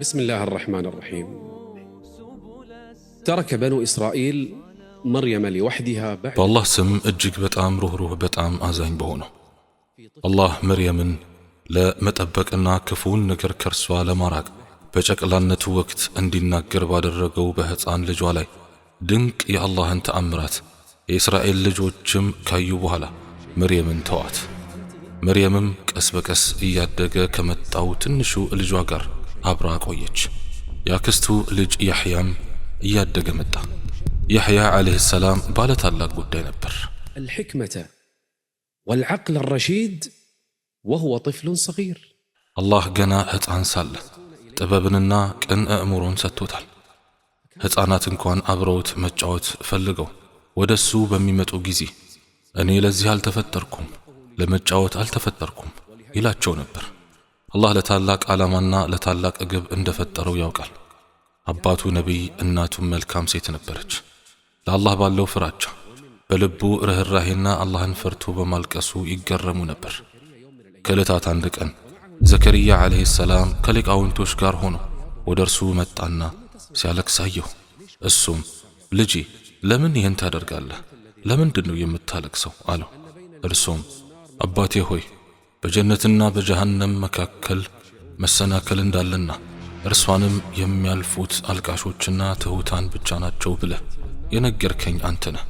بسم الله الرحمن الرحيم ترك بنو إسرائيل مريم لوحدها بعد በአላህ ስም እጅግ በጣም ሩኅሩህ በጣም አዛኝ በሆነው አላህ መርየምን ለመጠበቅና ክፉውን ነገር ከርሷ ለማራቅ በጨቅላነቱ ወቅት እንዲናገር ባደረገው በሕፃን ልጇ ላይ ድንቅ የአላህን ተአምራት የእስራኤል ልጆችም ካዩ በኋላ መርየምን ተዋት። መርየምም ቀስ በቀስ እያደገ ከመጣው ትንሹ ልጇ ጋር አብራ ቆየች። የአክስቱ ልጅ ያሕያም እያደገ መጣ። ያሕያ ዓለይህ ሰላም ባለ ታላቅ ጉዳይ ነበር። አልሕክመተ ወልዓቅል ረሺድ ወሁወ ጥፍሉን ሰጊር አላህ ገና ሕፃን ሳለ ጥበብንና ቅን አእምሮን ሰጥቶታል። ሕፃናት እንኳን አብረውት መጫወት ፈልገው ወደ እሱ በሚመጡ ጊዜ እኔ ለዚህ አልተፈጠርኩም፣ ለመጫወት አልተፈጠርኩም ይላቸው ነበር። አላህ ለታላቅ ዓላማና ለታላቅ ግብ እንደፈጠረው ያውቃል። አባቱ ነቢይ፣ እናቱም መልካም ሴት ነበረች። ለአላህ ባለው ፍራቻ በልቡ ርኅራሄና አላህን ፈርቶ በማልቀሱ ይገረሙ ነበር። ከዕለታት አንድ ቀን ዘከርያ ዓለይሂ ሰላም ከሊቃውንቶች ጋር ሆኖ ወደ እርሱ መጣና ሲያለቅስ አየሁ። እሱም ልጄ ለምን ይህን ታደርጋለህ? ለምንድን ነው የምታለቅሰው? አለው። እርሱም አባቴ ሆይ በጀነትና በጀሃነም መካከል መሰናከል እንዳለና እርሷንም የሚያልፉት አልቃሾችና ትሑታን ብቻ ናቸው ብለህ የነገርከኝ አንተ ነህ።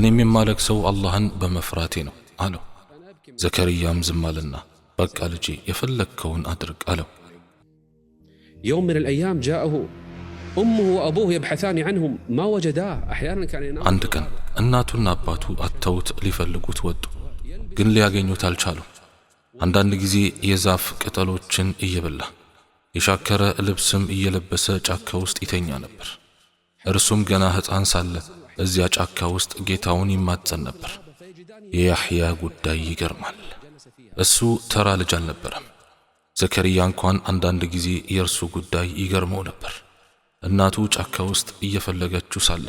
እኔም የማለቅሰው አላህን በመፍራቴ ነው አለው። ዘከርያም ዝም አለና በቃ ልጄ የፈለግከውን አድርግ አለው። የውም ምን ልአያም ጃአሁ ኡሙሁ ወአቡሁ የብሐታኒ ዐንሁም ማ ወጀዳ አንድ ቀን እናቱና አባቱ አተውት ሊፈልጉት ወጡ፣ ግን ሊያገኙት አልቻሉም። አንዳንድ ጊዜ የዛፍ ቅጠሎችን እየበላ የሻከረ ልብስም እየለበሰ ጫካ ውስጥ ይተኛ ነበር። እርሱም ገና ሕፃን ሳለ እዚያ ጫካ ውስጥ ጌታውን ይማጸን ነበር። የያሕያ ጉዳይ ይገርማል። እሱ ተራ ልጅ አልነበረም። ዘከርያ እንኳን አንዳንድ ጊዜ የእርሱ ጉዳይ ይገርመው ነበር። እናቱ ጫካ ውስጥ እየፈለገችው ሳለ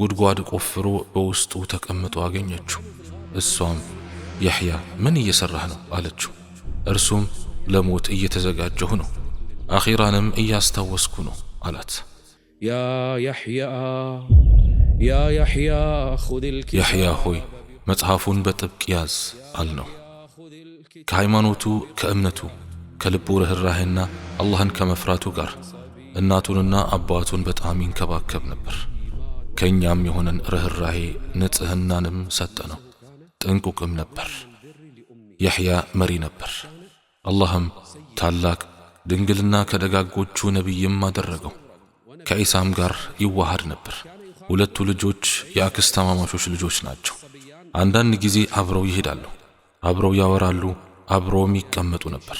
ጉድጓድ ቆፍሮ በውስጡ ተቀምጦ አገኘችው። እሷም ያሕያ ምን እየሠራህ ነው አለችው። እርሱም ለሞት እየተዘጋጀሁ ነው፣ አኺራንም እያስታወስኩ ነው አላት። ያ ያሕያ ሆይ መጽሐፉን በጥብቅ ያዝ አልነው። ከሃይማኖቱ ከእምነቱ ከልቡ ርኅራሄና አላህን ከመፍራቱ ጋር እናቱንና አባቱን በጣም ይንከባከብ ነበር። ከእኛም የሆነን ርኅራሄ ንጽሕናንም ሰጠ ነው። ጥንቁቅም ነበር። ያሕያ መሪ ነበር። አላህም ታላቅ ድንግልና ከደጋጎቹ ነቢይም አደረገው። ከኢሳም ጋር ይዋሃድ ነበር። ሁለቱ ልጆች የአክስት ልጆች ናቸው። አንዳንድ ጊዜ አብረው ይሄዳሉ፣ አብረው ያወራሉ፣ አብረውም ይቀመጡ ነበር።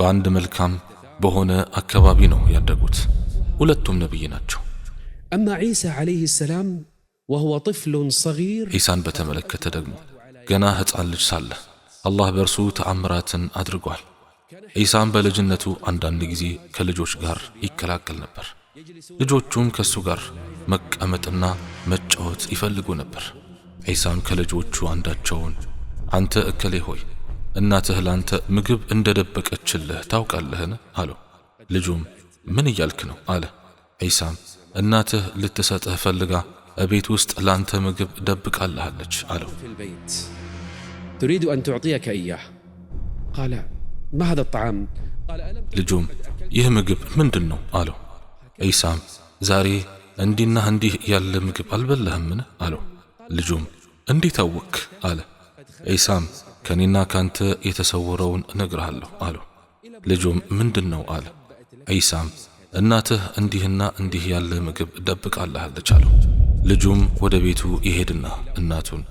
በአንድ መልካም በሆነ አካባቢ ነው ያደጉት። ሁለቱም ነቢይ ናቸው። አማ ዒሳ ዓለይህ ሰላም ወሁወ ጥፍሉን ሰጊር ዒሳን በተመለከተ ደግሞ ገና ሕፃን ልጅ ሳለ አላህ በእርሱ ተአምራትን አድርጓል። ዒሳም በልጅነቱ አንዳንድ ጊዜ ከልጆች ጋር ይከላከል ነበር። ልጆቹም ከእሱ ጋር መቀመጥና መጫወት ይፈልጉ ነበር። ዒሳም ከልጆቹ አንዳቸውን አንተ እከሌ ሆይ እናትህ ላንተ ምግብ እንደ ደበቀችልህ ታውቃለህን? አለው። ልጁም ምን እያልክ ነው? አለ። ዒሳም እናትህ ልትሰጥህ ፈልጋ እቤት ውስጥ ላንተ ምግብ ደብቃልሃለች አለው። ትሪዱ አን ትዕጢየከ እያህ ቃለ ማ ሃዛ ጣዓም። ልጁም ይህ ምግብ ምንድን ነው አለው። ዒሳም ዛሬ እንዲህና እንዲህ ያለ ምግብ አልበላህምን አለው። ልጁም እንዴት አወክ አለ። ዒሳም ከኔና ካንተ የተሰወረውን እነግርሃለሁ አለው። ልጁም ምንድን ነው አለ። ዒሳም እናትህ እንዲህና እንዲህ ያለ ምግብ ደብቃልሃለች አለው። ልጁም ወደ ቤቱ ይሄድና እናቱን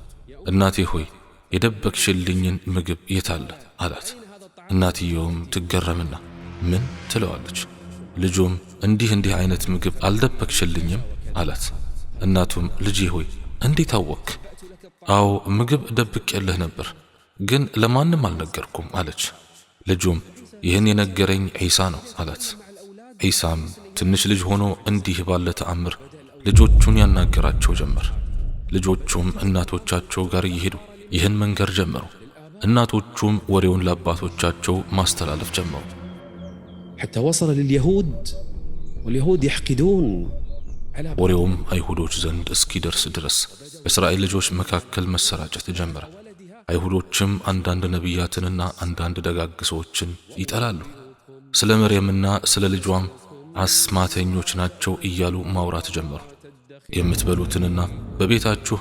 እናቴ ሆይ የደበቅሽልኝን ምግብ የታለ አላት። እናትየውም ትገረምና ምን ትለዋለች። ልጁም እንዲህ እንዲህ አይነት ምግብ አልደበቅሽልኝም አላት። እናቱም ልጄ ሆይ እንዴት አወክ? አዎ ምግብ ደብቄልህ ነበር፣ ግን ለማንም አልነገርኩም አለች። ልጁም ይህን የነገረኝ ዒሳ ነው አላት። ዒሳም ትንሽ ልጅ ሆኖ እንዲህ ባለ ተአምር ልጆቹን ያናገራቸው ጀመር። ልጆቹም እናቶቻቸው ጋር እየሄዱ ይህን መንገር ጀመሩ። እናቶቹም ወሬውን ለአባቶቻቸው ማስተላለፍ ጀመሩ። حتى وصل لليهود واليهود يحقدون ወሬውም አይሁዶች ዘንድ እስኪደርስ ድረስ በእስራኤል ልጆች መካከል መሰራጨት ጀመረ። አይሁዶችም አንዳንድ ነቢያትንና አንዳንድ ደጋግ ሰዎችን ይጠላሉ። ስለ መርየምና ስለ ልጇም አስማተኞች ናቸው እያሉ ማውራት ጀመሩ። የምትበሉትንና በቤታችሁ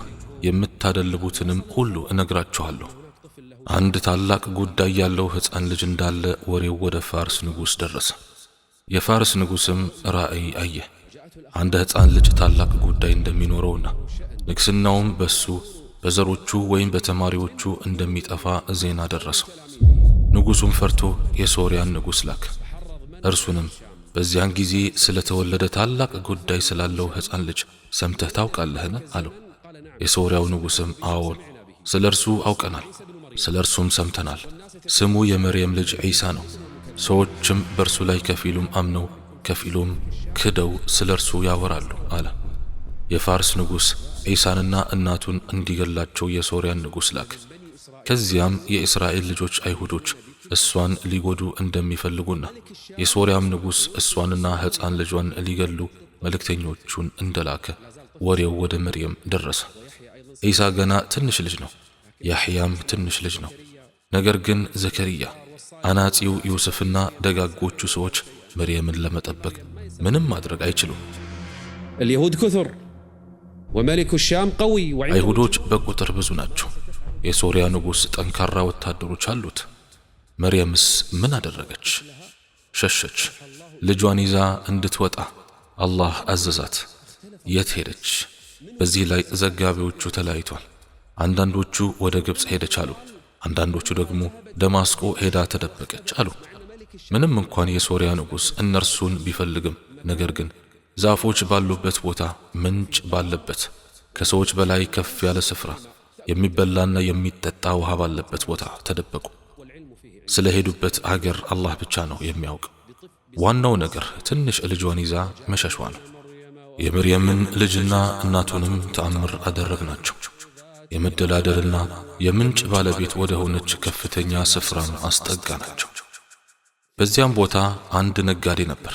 የምታደልቡትንም ሁሉ እነግራችኋለሁ። አንድ ታላቅ ጉዳይ ያለው ሕፃን ልጅ እንዳለ ወሬው ወደ ፋርስ ንጉሥ ደረሰ። የፋርስ ንጉሥም ራእይ አየ። አንድ ሕፃን ልጅ ታላቅ ጉዳይ እንደሚኖረውና ንግሥናውም በሱ በዘሮቹ ወይም በተማሪዎቹ እንደሚጠፋ ዜና ደረሰው። ንጉሡም ፈርቶ የሶርያን ንጉሥ ላክ። እርሱንም በዚያን ጊዜ ስለተወለደ ታላቅ ጉዳይ ስላለው ሕፃን ልጅ ሰምተህ ታውቃለህን? አለው። የሶርያው ንጉሥም አዎን፣ ስለ እርሱ አውቀናል፣ ስለ እርሱም ሰምተናል። ስሙ የመርየም ልጅ ዒሳ ነው። ሰዎችም በእርሱ ላይ ከፊሉም አምነው ከፊሉም ክደው ስለ እርሱ ያወራሉ አለ። የፋርስ ንጉሥ ዒሳንና እናቱን እንዲገላቸው የሶርያን ንጉሥ ላክ። ከዚያም የእስራኤል ልጆች አይሁዶች እሷን ሊጎዱ እንደሚፈልጉና የሶርያም ንጉሥ እሷንና ሕፃን ልጇን ሊገሉ መልእክተኞቹን እንደላከ ወሬው ወደ መርየም ደረሰ። ዒሳ ገና ትንሽ ልጅ ነው፣ ያሕያም ትንሽ ልጅ ነው። ነገር ግን ዘከርያ አናጺው ዮሴፍና ደጋጎቹ ሰዎች መርየምን ለመጠበቅ ምንም ማድረግ አይችሉም። አልይሁድ ኩቱር ወመሊኩ ሻም ቀዊ። አይሁዶች በቁጥር ብዙ ናቸው። የሶሪያ ንጉሥ ጠንካራ ወታደሮች አሉት። መርየምስ ምን አደረገች? ሸሸች። ልጇን ይዛ እንድትወጣ አላህ አዘዛት። የት ሄደች? በዚህ ላይ ዘጋቢዎቹ ተለያይቷል። አንዳንዶቹ ወደ ግብፅ ሄደች አሉ፣ አንዳንዶቹ ደግሞ ደማስቆ ሄዳ ተደበቀች አሉ። ምንም እንኳን የሶርያ ንጉሥ እነርሱን ቢፈልግም፣ ነገር ግን ዛፎች ባሉበት ቦታ፣ ምንጭ ባለበት፣ ከሰዎች በላይ ከፍ ያለ ስፍራ፣ የሚበላና የሚጠጣ ውሃ ባለበት ቦታ ተደበቁ። ስለ ሄዱበት አገር አላህ ብቻ ነው የሚያውቅ። ዋናው ነገር ትንሽ ልጇን ይዛ መሸሿ ነው። የምርየምን ልጅና እናቱንም ተአምር አደረግናቸው። የመደላደልና የምንጭ ባለቤት ወደ ሆነች ከፍተኛ ስፍራም አስጠጋናቸው። በዚያም ቦታ አንድ ነጋዴ ነበር።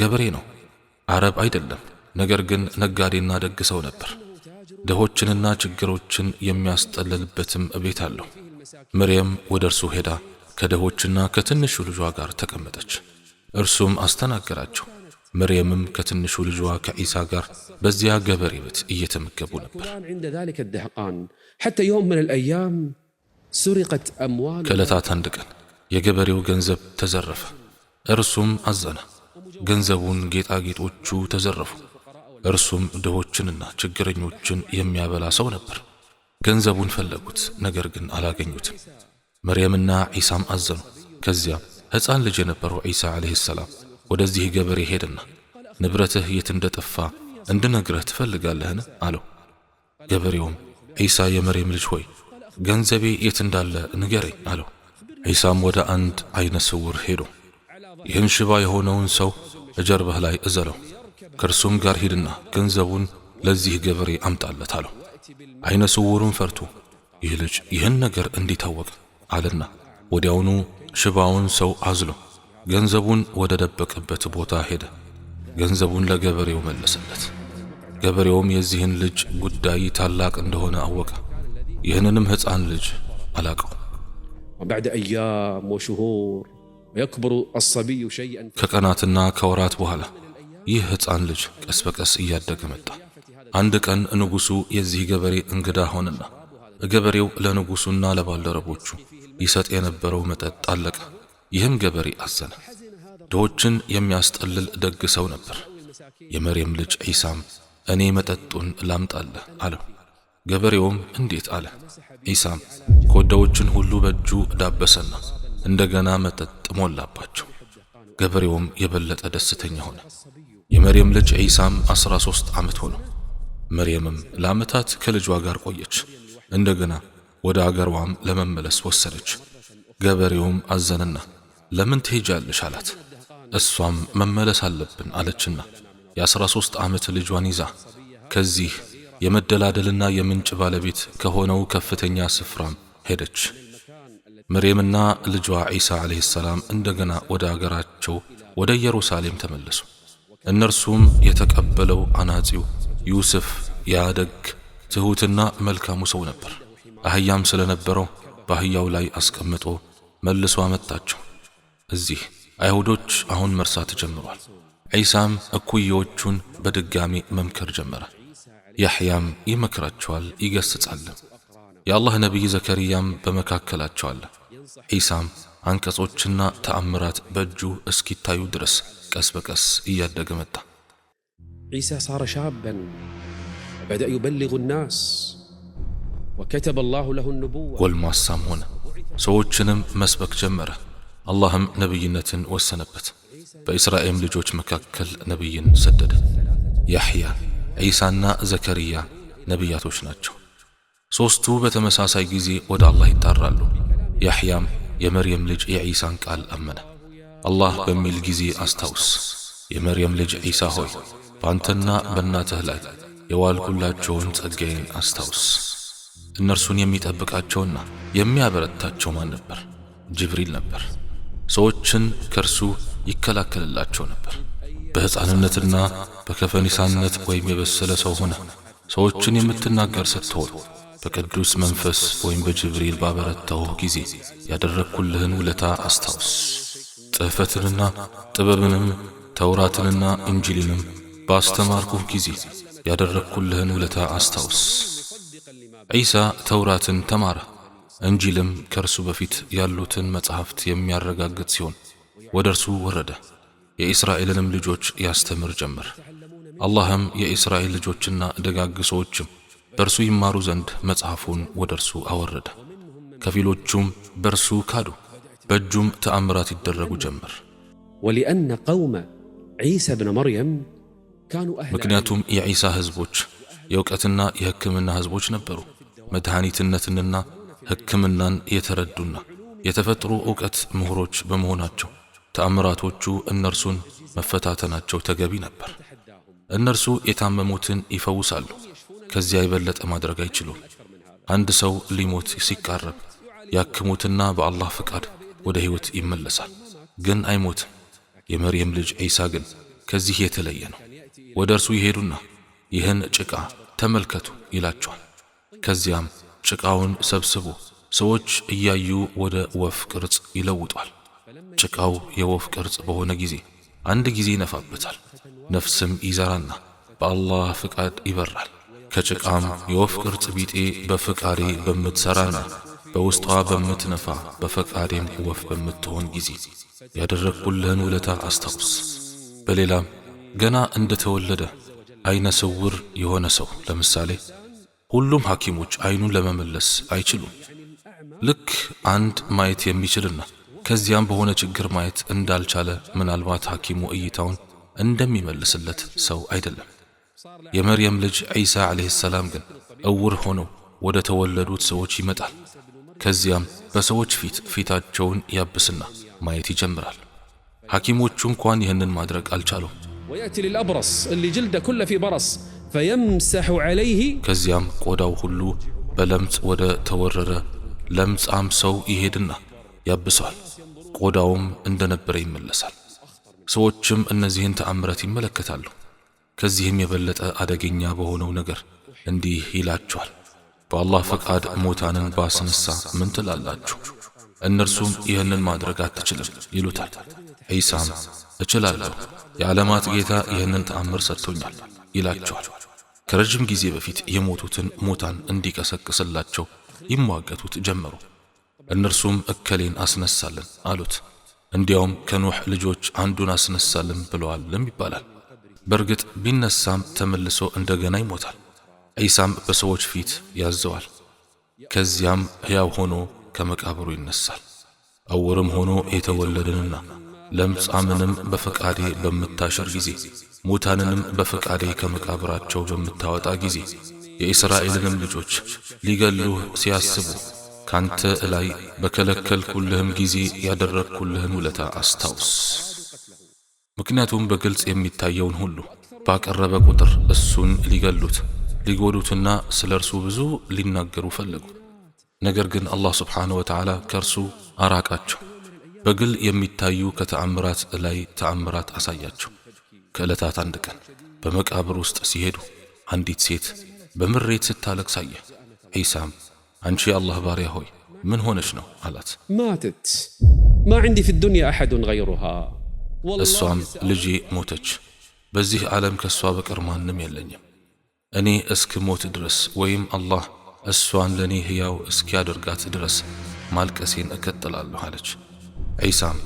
ገበሬ ነው፣ አረብ አይደለም። ነገር ግን ነጋዴና ደግ ሰው ነበር። ድሆችንና ችግሮችን የሚያስጠልልበትም ቤት አለው። ምርየም ወደ እርሱ ሄዳ ከድሆችና ከትንሹ ልጇ ጋር ተቀመጠች። እርሱም አስተናገራቸው። መርየምም ከትንሹ ልጇ ከዒሳ ጋር በዚያ ገበሬ ቤት እየተመገቡ ነበር። ከዕለታት አንድ ቀን የገበሬው ገንዘብ ተዘረፈ። እርሱም አዘነ። ገንዘቡን፣ ጌጣጌጦቹ ተዘረፉ። እርሱም ድሆችንና ችግረኞችን የሚያበላ ሰው ነበር። ገንዘቡን ፈለጉት፣ ነገር ግን አላገኙትም። መርየምና ዒሳም አዘኑ። ከዚያም ሕፃን ልጅ የነበረው ዒሳ ዓለይሂ ሰላም ወደዚህ ገበሬ ሄደና ንብረትህ የት እንደ ጠፋ እንድነግረህ ትፈልጋለህን? አለው። ገበሬውም ዒሳ የመሬም ልጅ ሆይ ገንዘቤ የት እንዳለ ንገረኝ አለው። ዒሳም ወደ አንድ ዐይነ ስውር ሄዶ ይህን ሽባ የሆነውን ሰው እጀርበህ ላይ እዘለው፣ ከእርሱም ጋር ሂድና ገንዘቡን ለዚህ ገበሬ አምጣለት አለው። ዐይነ ስውሩን ፈርቶ ይህ ልጅ ይህን ነገር እንዲታወቅ አለና ወዲያውኑ ሽባውን ሰው አዝሎ ገንዘቡን ወደ ደበቀበት ቦታ ሄደ። ገንዘቡን ለገበሬው መለሰለት። ገበሬውም የዚህን ልጅ ጉዳይ ታላቅ እንደሆነ አወቀ። ይህንንም ሕፃን ልጅ አላቀውም። ወበዕድ አያም ወሽሁር ወየክብሩ አሰቢዩ ሸይአን ከቀናትና ከወራት በኋላ ይህ ሕፃን ልጅ ቀስ በቀስ እያደገ መጣ። አንድ ቀን ንጉሡ የዚህ ገበሬ እንግዳ ሆነና ገበሬው ለንጉሡና ለባልደረቦቹ ይሰጥ የነበረው መጠጥ አለቀ። ይህም ገበሬ አዘነ። ድሆችን የሚያስጠልል ደግ ሰው ነበር። የመርየም ልጅ ዒሳም እኔ መጠጡን ላምጣለ አለው። ገበሬውም እንዴት አለ። ዒሳም ኮዳዎችን ሁሉ በእጁ ዳበሰና እንደገና መጠጥ ሞላባቸው። ገበሬውም የበለጠ ደስተኛ ሆነ። የመርየም ልጅ ዒሳም አስራ ሶስት ዓመት ሆነው። መርየምም ለዓመታት ከልጇ ጋር ቆየች። እንደገና ወደ አገሯም ለመመለስ ወሰነች። ገበሬውም አዘንና ለምን ትሄጃለሽ አላት። እሷም መመለስ አለብን አለችና የአስራ ሦስት ዓመት ልጇን ይዛ ከዚህ የመደላደልና የምንጭ ባለቤት ከሆነው ከፍተኛ ስፍራም ሄደች። መርየምና ልጇ ዒሳ ዓለይሂ ሰላም እንደገና ወደ አገራቸው ወደ ኢየሩሳሌም ተመለሱ። እነርሱም የተቀበለው አናጺው ዩስፍ ያደግ ትሑትና መልካሙ ሰው ነበር። አህያም ስለነበረው በአህያው ላይ አስቀምጦ መልሶ አመጣቸው። እዚህ አይሁዶች አሁን መርሳት ጀምሯል። ዒሳም እኩዮቹን በድጋሚ መምከር ጀመረ። ያሕያም ይመክራቸዋል፣ ይገስጻል የአላህ ነቢይ ዘከርያም በመካከላቸው አለ። ዒሳም አንቀጾችና ተአምራት በእጁ እስኪታዩ ድረስ ቀስ በቀስ እያደገ መጣ። ዒሳ ሳረ ሻበን በደአ ዩበሊጉ ናስ ለሁ ጎልማሳም ሆነ፣ ሰዎችንም መስበክ ጀመረ። አላህም ነቢይነትን ወሰነበት። በእስራኤል ልጆች መካከል ነቢይን ሰደደ። ያሕያ፣ ዒሳና ዘከርያ ነቢያቶች ናቸው። ሦስቱ በተመሳሳይ ጊዜ ወደ አላህ ይጣራሉ። ያሕያም የመርየም ልጅ የዒሳን ቃል አመነ። አላህ በሚል ጊዜ አስታውስ፣ የመርየም ልጅ ዒሳ ሆይ በአንተና በእናትህ ላይ የዋልኩላቸውን ጸጋዬን አስታውስ እነርሱን የሚጠብቃቸውና የሚያበረታቸው ማን ነበር? ጅብሪል ነበር። ሰዎችን ከእርሱ ይከላከልላቸው ነበር። በሕፃንነትና በከፈኒሳነት ወይም የበሰለ ሰው ሆነ ሰዎችን የምትናገር ስትሆን በቅዱስ መንፈስ ወይም በጅብሪል ባበረታሁህ ጊዜ ያደረግኩልህን ውለታ አስታውስ። ጽሕፈትንና ጥበብንም ተውራትንና እንጂልንም ባስተማርኩህ ጊዜ ያደረግኩልህን ውለታ አስታውስ። ዒሳ ተውራትን ተማረ። እንጂልም ከእርሱ በፊት ያሉትን መጻሕፍት የሚያረጋግጥ ሲሆን ወደ እርሱ ወረደ። የእስራኤልንም ልጆች ያስተምር ጀመር። አላህም የእስራኤል ልጆችና ደጋግ ሰዎችም በእርሱ ይማሩ ዘንድ መጽሐፉን ወደ እርሱ አወረደ። ከፊሎቹም በእርሱ ካዱ፣ በእጁም ተአምራት ይደረጉ ጀመር። ወሊአነ ቀውመ ዒሳ ብነ መርየም ምክንያቱም የዒሳ ሕዝቦች የእውቀትና የሕክምና ሕዝቦች ነበሩ። መድኃኒትነትንና ሕክምናን የተረዱና የተፈጥሮ ዕውቀት ምሁሮች በመሆናቸው ተአምራቶቹ እነርሱን መፈታተናቸው ተገቢ ነበር። እነርሱ የታመሙትን ይፈውሳሉ። ከዚያ የበለጠ ማድረግ አይችሉም። አንድ ሰው ሊሞት ሲቃረብ ያክሙትና በአላህ ፍቃድ ወደ ሕይወት ይመለሳል፣ ግን አይሞትም። የመርየም ልጅ ዒሳ ግን ከዚህ የተለየ ነው። ወደ እርሱ ይሄዱና ይህን ጭቃ ተመልከቱ ይላቸዋል። ከዚያም ጭቃውን ሰብስቦ ሰዎች እያዩ ወደ ወፍ ቅርጽ ይለውጧል። ጭቃው የወፍ ቅርጽ በሆነ ጊዜ አንድ ጊዜ ይነፋበታል። ነፍስም ይዘራና በአላህ ፍቃድ ይበራል። ከጭቃም የወፍ ቅርጽ ቢጤ በፍቃሬ በምትሰራና በውስጧ በምትነፋ በፈቃዴም ወፍ በምትሆን ጊዜ ያደረግኩልህን ውለታ አስታውስ። በሌላም ገና እንደተወለደ አይነ ስውር የሆነ ሰው ለምሳሌ ሁሉም ሐኪሞች አይኑን ለመመለስ አይችሉም። ልክ አንድ ማየት የሚችልና ከዚያም በሆነ ችግር ማየት እንዳልቻለ ምናልባት ሐኪሙ እይታውን እንደሚመልስለት ሰው አይደለም። የመርየም ልጅ ዒሳ ዓለይሂ ሰላም ግን እውር ሆነው ወደ ተወለዱት ሰዎች ይመጣል። ከዚያም በሰዎች ፊት ፊታቸውን ያብስና ማየት ይጀምራል። ሐኪሞቹ እንኳን ይህንን ማድረግ አልቻሉም። ፊ በረስ ፈየምሰሑ ዐለይህ ከዚያም ቆዳው ሁሉ በለምጽ ወደ ተወረረ ለምጻም ሰው ይሄድና ያብሰዋል፣ ቆዳውም እንደነበረ ይመለሳል። ሰዎችም እነዚህን ተአምረት ይመለከታሉ። ከዚህም የበለጠ አደገኛ በሆነው ነገር እንዲህ ይላቸዋል፣ በአላህ ፈቃድ ሙታንን ባስነሳ ምን ትላላችሁ? እነርሱም ይህንን ማድረግ አትችልም ይሉታል። ዒሳም እችላለሁ፣ የዓለማት ጌታ ይህንን ተአምር ሰጥቶኛል ይላቸዋል። ከረጅም ጊዜ በፊት የሞቱትን ሙታን እንዲቀሰቅስላቸው ይሟገቱት ጀመሩ። እነርሱም እከሌን አስነሳልን አሉት። እንዲያውም ከኖህ ልጆች አንዱን አስነሳልን ብለዋልም ይባላል። በእርግጥ ቢነሳም ተመልሶ እንደገና ይሞታል። ዒሳም በሰዎች ፊት ያዘዋል። ከዚያም ሕያው ሆኖ ከመቃብሩ ይነሳል። እውርም ሆኖ የተወለድንና ለምጻምንም በፈቃዴ በምታሸር ጊዜ ሙታንንም በፈቃዴ ከመቃብራቸው በምታወጣ ጊዜ የእስራኤልንም ልጆች ሊገሉህ ሲያስቡ ካንተ ላይ በከለከልኩልህም ጊዜ ያደረግኩልህን ውለታ አስታውስ። ምክንያቱም በግልጽ የሚታየውን ሁሉ ባቀረበ ቁጥር እሱን ሊገሉት ሊጎዱትና ስለ እርሱ ብዙ ሊናገሩ ፈለጉ። ነገር ግን አላህ ስብሓነ ወተዓላ ከእርሱ አራቃቸው። በግል የሚታዩ ከተአምራት ላይ ተአምራት አሳያቸው። ከዕለታት አንድ ቀን በመቃብር ውስጥ ሲሄዱ አንዲት ሴት በምሬት ስታለቅስ አየ። ዒሳም አንቺ የአላህ ባሪያ ሆይ ምን ሆነች ነው አላት። ማትት ማ ዕንዲ ፊ ዱንያ አሐዱን ገይሩሃ፣ እሷም ልጄ ሞተች፣ በዚህ ዓለም ከእሷ በቀር ማንም የለኝም። እኔ እስክ ሞት ድረስ ወይም አላህ እሷን ለእኔ ሕያው እስኪያደርጋት ድረስ ማልቀሴን እቀጥላለሁ አለች። ዒሳም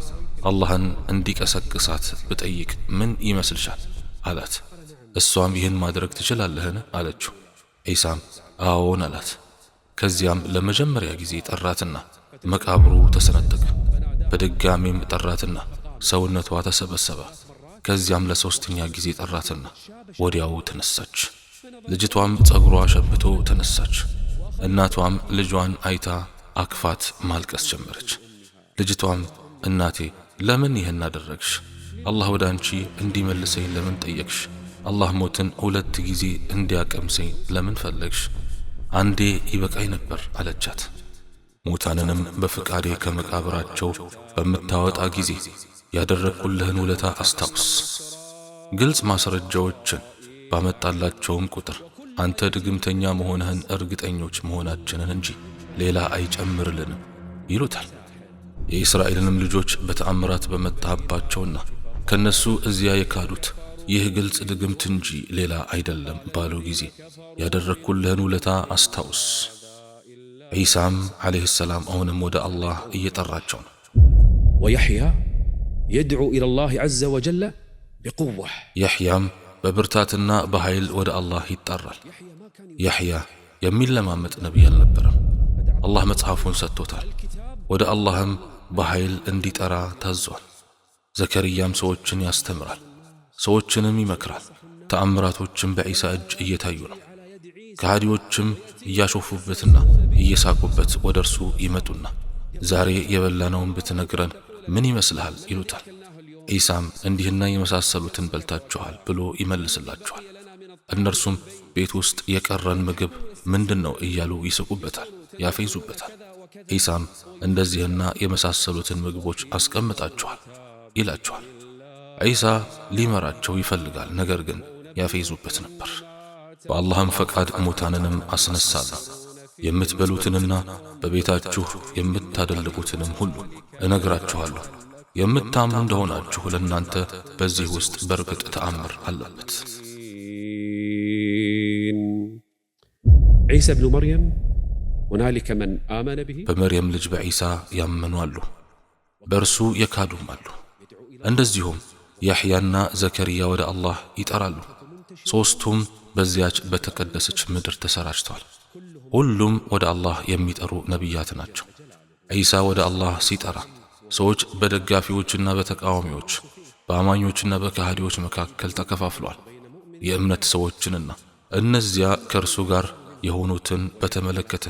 አላህን እንዲቀሰቅሳት ብጠይቅ ምን ይመስልሻል? አላት። እሷም ይህን ማድረግ ትችላለህን? አለችው። ዒሳም አዎን አላት። ከዚያም ለመጀመሪያ ጊዜ ጠራትና መቃብሩ ተሰነጠቀ። በድጋሚም ጠራትና ሰውነቷ ተሰበሰበ። ከዚያም ለሶስተኛ ጊዜ ጠራትና ወዲያው ተነሳች። ልጅቷም ጸጉሯ ሸብቶ ተነሳች። እናቷም ልጇን አይታ አክፋት ማልቀስ ጀመረች። ልጅቷም እናቴ ለምን ይህን አደረግሽ? አላህ ወደ አንቺ እንዲመልሰኝ ለምን ጠየቅሽ? አላህ ሞትን ሁለት ጊዜ እንዲያቀምሰኝ ለምን ፈለግሽ? አንዴ ይበቃኝ ነበር አለቻት። ሙታንንም በፍቃዴ ከመቃብራቸው በምታወጣ ጊዜ ያደረግኩልህን ውለታ አስታውስ። ግልጽ ማስረጃዎችን ባመጣላቸውም ቁጥር አንተ ድግምተኛ መሆንህን እርግጠኞች መሆናችንን እንጂ ሌላ አይጨምርልንም ይሉታል። የእስራኤልንም ልጆች በተአምራት በመጣባቸውና ከነሱ እዚያ የካዱት ይህ ግልጽ ድግምት እንጂ ሌላ አይደለም ባለው ጊዜ ያደረግኩልህን ውለታ አስታውስ። ዒሳም ዓለይህ ሰላም አሁንም ወደ አላህ እየጠራቸው ነው። ወያሕያ የድዑ ኢለላህ ዐዘ ወጀለ ቢቁዋ ያሕያም በብርታትና በኃይል ወደ አላህ ይጠራል። ያሕያ የሚለማመጥ ነቢይ አልነበረም። አላህ መጽሐፉን ሰጥቶታል። ወደ አላህም በኃይል እንዲጠራ ታዟል። ዘከርያም ሰዎችን ያስተምራል፣ ሰዎችንም ይመክራል። ተአምራቶችም በዒሳ እጅ እየታዩ ነው። ከሃዲዎችም እያሾፉበትና እየሳቁበት ወደ እርሱ ይመጡና ዛሬ የበላነውን ብትነግረን ምን ይመስልሃል? ይሉታል። ዒሳም እንዲህና የመሳሰሉትን በልታችኋል ብሎ ይመልስላችኋል። እነርሱም ቤት ውስጥ የቀረን ምግብ ምንድን ነው እያሉ ይስቁበታል፣ ያፌዙበታል። ኢሳም እንደዚህና የመሳሰሉትን ምግቦች አስቀምጣችኋል ይላችኋል። ዒሳ ሊመራቸው ይፈልጋል፣ ነገር ግን ያፌዙበት ነበር። በአላህም ፈቃድ ሙታንንም አስነሳለ የምትበሉትንና በቤታችሁ የምታደልቁትንም ሁሉ እነግራችኋለሁ። የምታምኑ እንደሆናችሁ ለእናንተ በዚህ ውስጥ በርግጥ ተአምር አለበት። ዒሳ ብኑ መርየም በመርየም ልጅ በዒሳ ያመኑ አሉ፣ በእርሱ የካዱም አሉ። እንደዚሁም ያሕያና ዘከርያ ወደ አላህ ይጠራሉ። ሦስቱም በዚያች በተቀደሰች ምድር ተሰራጭተዋል። ሁሉም ወደ አላህ የሚጠሩ ነቢያት ናቸው። ዒሳ ወደ አላህ ሲጠራ ሰዎች በደጋፊዎችና በተቃዋሚዎች በአማኞችና በካሃዲዎች መካከል ተከፋፍሏል። የእምነት ሰዎችንና እነዚያ ከእርሱ ጋር የሆኑትን በተመለከተ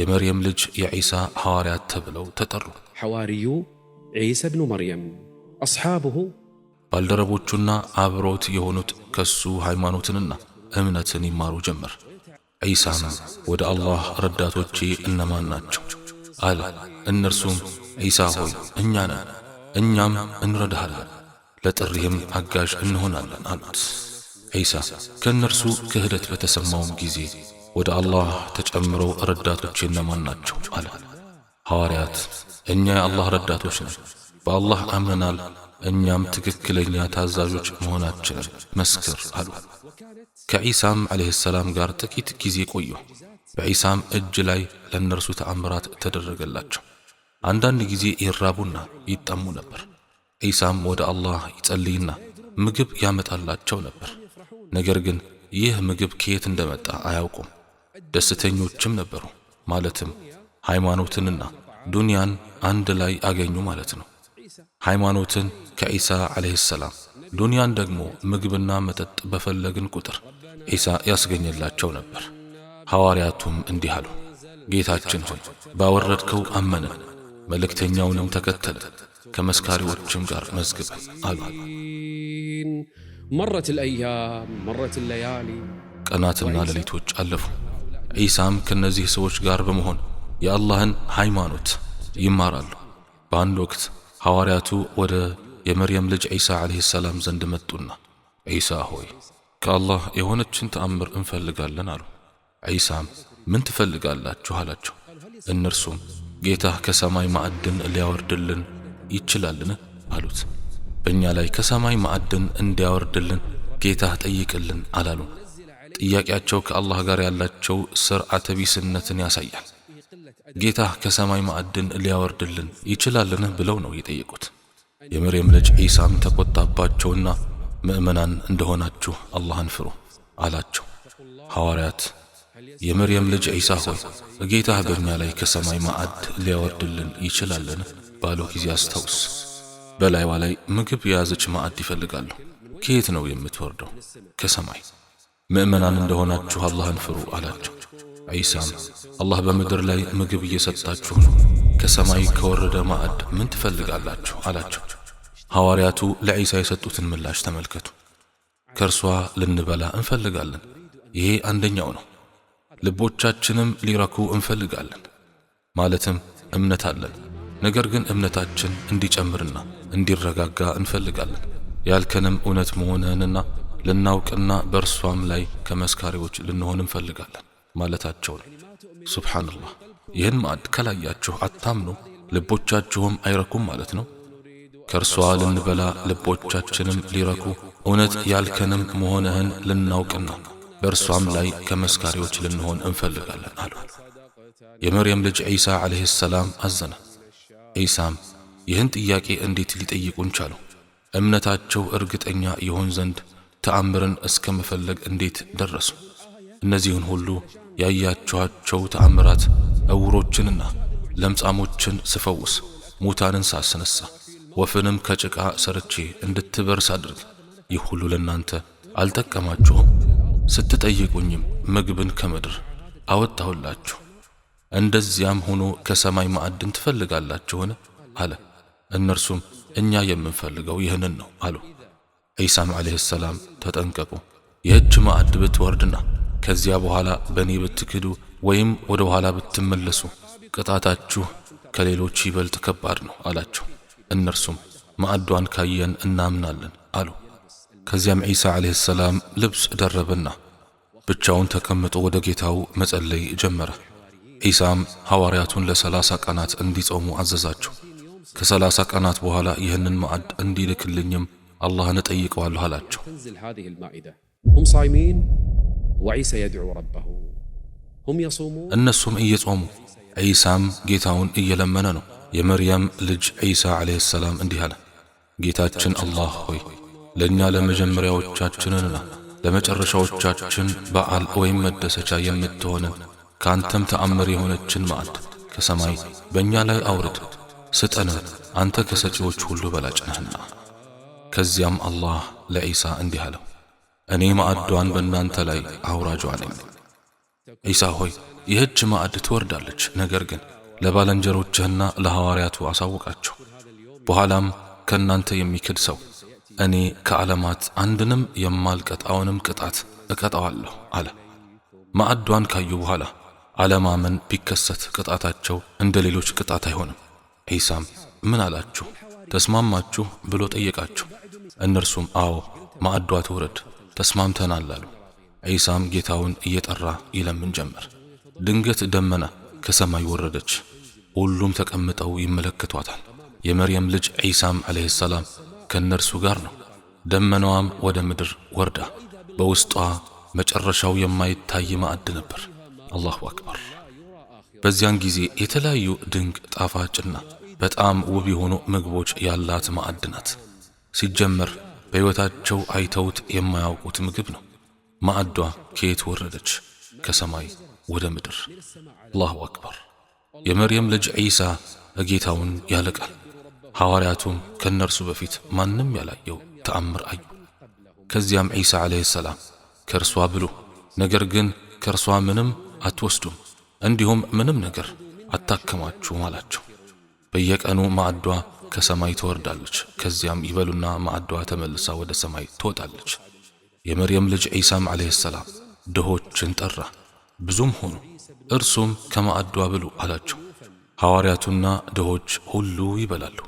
የመርየም ልጅ የዒሳ ሐዋርያት ተብለው ተጠሩ። ሐዋርዩ ዒሳ ብኑ መርየም አስሓብሁ ባልደረቦቹና አብሮት የሆኑት ከሱ ሃይማኖትንና እምነትን ይማሩ ጀመር። ዒሳም ወደ አላህ ረዳቶቼ እነማን ናቸው አለ። እነርሱም ዒሳ ሆይ እኛ ነን፣ እኛም እንረዳሃለን፣ ለጥሪህም አጋዥ እንሆናለን አሉት። ዒሳ ከእነርሱ ክህደት በተሰማውም ጊዜ ወደ አላህ ተጨምረው ረዳቶች እነማን ናቸው? አለ። ሐዋርያት እኛ የአላህ ረዳቶች ነን፣ በአላህ አምነናል፣ እኛም ትክክለኛ ታዛዦች መሆናችንን መስክር አሉ። ከዒሳም ዓለይሂ ሰላም ጋር ጥቂት ጊዜ ቆዩ። በዒሳም እጅ ላይ ለእነርሱ ተአምራት ተደረገላቸው። አንዳንድ ጊዜ ይራቡና ይጠሙ ነበር። ዒሳም ወደ አላህ ይጸልይና ምግብ ያመጣላቸው ነበር። ነገር ግን ይህ ምግብ ከየት እንደመጣ አያውቁም። ደስተኞችም ነበሩ። ማለትም ሃይማኖትንና ዱንያን አንድ ላይ አገኙ ማለት ነው። ሃይማኖትን ከኢሳ ዓለይህ ሰላም፣ ዱንያን ደግሞ ምግብና መጠጥ በፈለግን ቁጥር ኢሳ ያስገኘላቸው ነበር። ሐዋርያቱም እንዲህ አሉ፣ ጌታችን ሆይ ባወረድከው አመንን፣ መልእክተኛውንም ተከተልን፣ ከመስካሪዎችም ጋር መዝግበን አሉ። መረት ለያሊ ቀናትና ሌሊቶች አለፉ። ዒሳም ከነዚህ ሰዎች ጋር በመሆን የአላህን ሃይማኖት ይማራሉ። በአንድ ወቅት ሐዋርያቱ ወደ የመርየም ልጅ ዒሳ ዓለይሂ ሰላም ዘንድ መጡና ዒሳ ሆይ ከአላህ የሆነችን ተአምር እንፈልጋለን አሉ። ዒሳም ምን ትፈልጋላችሁ አላቸው። እነርሱም ጌታ ከሰማይ ማዕድን ሊያወርድልን ይችላልን አሉት። በእኛ ላይ ከሰማይ ማዕድን እንዲያወርድልን ጌታ ጠይቅልን አላሉም። ጥያቄያቸው ከአላህ ጋር ያላቸው ስርዓተ ቢስነትን ያሳያል። ጌታ ከሰማይ ማዕድን ሊያወርድልን ይችላልን ብለው ነው የጠየቁት። የመርየም ልጅ ዒሳም ተቆጣባቸውና ምእመናን እንደሆናችሁ አላህን ፍሩ አላቸው። ሐዋርያት የመርየም ልጅ ዒሳ ሆይ ጌታህ በእኛ ላይ ከሰማይ ማዕድ ሊያወርድልን ይችላልን ባለው ጊዜ አስታውስ። በላይዋ ላይ ምግብ የያዘች ማዕድ ይፈልጋሉ። ከየት ነው የምትወርደው? ከሰማይ ምእመናን እንደሆናችሁ አላህን ፍሩ አላቸው። ዒሳም አላህ በምድር ላይ ምግብ እየሰጣችሁ ነው፣ ከሰማይ ከወረደ ማዕድ ምን ትፈልጋላችሁ አላቸው። ሐዋርያቱ ለዒሳ የሰጡትን ምላሽ ተመልከቱ። ከእርሷ ልንበላ እንፈልጋለን፣ ይሄ አንደኛው ነው። ልቦቻችንም ሊረኩ እንፈልጋለን፣ ማለትም እምነት አለን። ነገር ግን እምነታችን እንዲጨምርና እንዲረጋጋ እንፈልጋለን። ያልከንም እውነት መሆንህንና ልናውቅና በእርሷም ላይ ከመስካሪዎች ልንሆን እንፈልጋለን ማለታቸው ነው። ሱብሓነላህ። ይህን ማዕድ ከላያችሁ አታምኑ፣ ልቦቻችሁም አይረኩም ማለት ነው። ከእርሷ ልንበላ ልቦቻችንም ሊረኩ እውነት ያልከንም መሆንህን ልናውቅና በእርሷም ላይ ከመስካሪዎች ልንሆን እንፈልጋለን አሉ። የመርየም ልጅ ዒሳ ዓለይህ ሰላም አዘነ። ዒሳም ይህን ጥያቄ እንዴት ሊጠይቁን ቻሉ? እምነታቸው እርግጠኛ ይሆን ዘንድ ተአምርን እስከ መፈለግ እንዴት ደረሱ? እነዚህን ሁሉ ያያችኋቸው ተአምራት እውሮችንና ለምጻሞችን ስፈውስ፣ ሙታንን ሳስነሳ፣ ወፍንም ከጭቃ ሰርቼ እንድትበርስ አድርግ፣ ይህ ሁሉ ለእናንተ አልጠቀማችሁም? ስትጠይቁኝም ምግብን ከምድር አወጣሁላችሁ፣ እንደዚያም ሆኖ ከሰማይ ማዕድን ትፈልጋላችሁን? አለ። እነርሱም እኛ የምንፈልገው ይህንን ነው አሉ። ዒሳም ዓለይህ ሰላም ተጠንቀቁ፣ የእጅ ማዕድ ብትወርድና ከዚያ በኋላ በእኔ ብትክዱ ወይም ወደ ኋላ ብትመለሱ ቅጣታችሁ ከሌሎች ይበልጥ ከባድ ነው አላቸው። እነርሱም ማዕዷን ካየን እናምናለን አሉ። ከዚያም ዒሳ ዓለይህ ሰላም ልብስ ደረበና ብቻውን ተቀምጦ ወደ ጌታው መጸለይ ጀመረ። ዒሳም ሐዋርያቱን ለሰላሳ ቀናት እንዲጾሙ አዘዛቸው። ከሰላሳ ቀናት በኋላ ይህንን ማዕድ እንዲልክልኝም አላህን እጠይቀዋለሁ አላቸው። ሁም ሳይሚን ወዒሳ የድዑ ረበሁ ሁም የሱሙ እነሱም እየጾሙ ዒሳም ጌታውን እየለመነ ነው። የመርያም ልጅ ዒሳ ዓለይሂ ሰላም እንዲህ አለ፣ ጌታችን አላህ ሆይ ለእኛ ለመጀመሪያዎቻችንንና ለመጨረሻዎቻችን በዓል ወይም መደሰቻ የምትሆንን ከአንተም ተአምር የሆነችን ማዕድ ከሰማይ በእኛ ላይ አውርድ ስጠንን፣ አንተ ከሰጪዎች ሁሉ በላጭ ነህና። ከዚያም አላህ ለዒሳ እንዲህ አለው፣ እኔ ማዕዷን በእናንተ ላይ አውራጇ ነኝ። ዒሳ ሆይ ይህች ማዕድ ትወርዳለች፣ ነገር ግን ለባልንጀሮችህና ለሐዋርያቱ አሳውቃቸው። በኋላም ከእናንተ የሚክድ ሰው እኔ ከዓለማት አንድንም የማልቀጣውንም ቅጣት እቀጣዋለሁ አለ። ማዕዷን ካዩ በኋላ አለማመን ቢከሰት ቅጣታቸው እንደ ሌሎች ቅጣት አይሆንም። ዒሳም ምን አላችሁ ተስማማችሁ ብሎ ጠየቃቸው። እነርሱም አዎ ማዕዷ ትውረድ ተስማምተናል አሉ። ዒሳም ጌታውን እየጠራ ይለምን ጀመር። ድንገት ደመና ከሰማይ ወረደች። ሁሉም ተቀምጠው ይመለከቷታል። የመርየም ልጅ ዒሳም ዓለይሂ ሰላም ከእነርሱ ጋር ነው። ደመናዋም ወደ ምድር ወርዳ በውስጧ መጨረሻው የማይታይ ማዕድ ነበር። አላሁ አክበር። በዚያን ጊዜ የተለያዩ ድንቅ ጣፋጭና በጣም ውብ የሆኑ ምግቦች ያላት ማዕድ ናት። ሲጀመር በሕይወታቸው አይተውት የማያውቁት ምግብ ነው። ማዕዷ ከየት ወረደች? ከሰማይ ወደ ምድር። አላሁ አክበር። የመርየም ልጅ ዒሳ እጌታውን ያለቃል። ሐዋርያቱም ከእነርሱ በፊት ማንም ያላየው ተአምር አዩ። ከዚያም ዒሳ ዓለይሂ ሰላም ከእርሷ ብሉ፣ ነገር ግን ከእርሷ ምንም አትወስዱም፣ እንዲሁም ምንም ነገር አታከማችሁም አላቸው። በየቀኑ ማዕዷ ከሰማይ ትወርዳለች። ከዚያም ይበሉና ማዕድዋ ተመልሳ ወደ ሰማይ ትወጣለች። የመርየም ልጅ ዒሳም ዓለይሂ ሰላም ድሆችን ጠራ፣ ብዙም ሆኑ። እርሱም ከማዕድዋ ብሉ አላቸው። ሐዋርያቱና ድሆች ሁሉ ይበላሉ።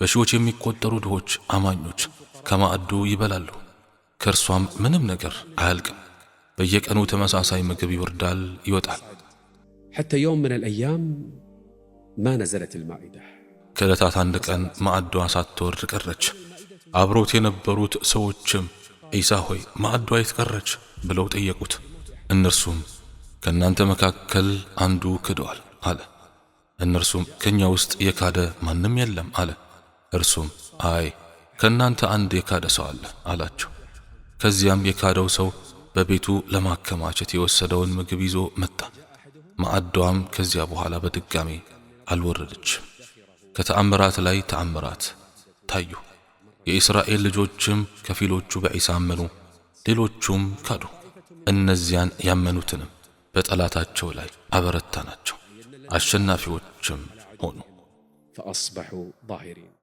በሺዎች የሚቆጠሩ ድሆች አማኞች ከማዕዱ ይበላሉ። ከእርሷም ምንም ነገር አያልቅም። በየቀኑ ተመሳሳይ ምግብ ይወርዳል፣ ይወጣል። ሐታ የውም ምን አልአያም ማ ነዘለት ልማኢዳ ከዕለታት አንድ ቀን ማዕዷ ሳትወርድ ቀረች። አብሮት የነበሩት ሰዎችም ዒሳ ሆይ ማዕዷ የት ቀረች ብለው ጠየቁት። እነርሱም ከእናንተ መካከል አንዱ ክደዋል አለ። እነርሱም ከእኛ ውስጥ የካደ ማንም የለም አለ። እርሱም አይ ከእናንተ አንድ የካደ ሰው አለ አላቸው። ከዚያም የካደው ሰው በቤቱ ለማከማቸት የወሰደውን ምግብ ይዞ መጣ። ማዕዷም ከዚያ በኋላ በድጋሚ አልወረደችም። ከተአምራት ላይ ተአምራት ታዩ። የእስራኤል ልጆችም ከፊሎቹ በዒሳ አመኑ፣ ሌሎቹም ካዱ። እነዚያን ያመኑትንም በጠላታቸው ላይ አበረታናቸው፣ አሸናፊዎችም ሆኑ። ፈአስበሑ ዛሂሪን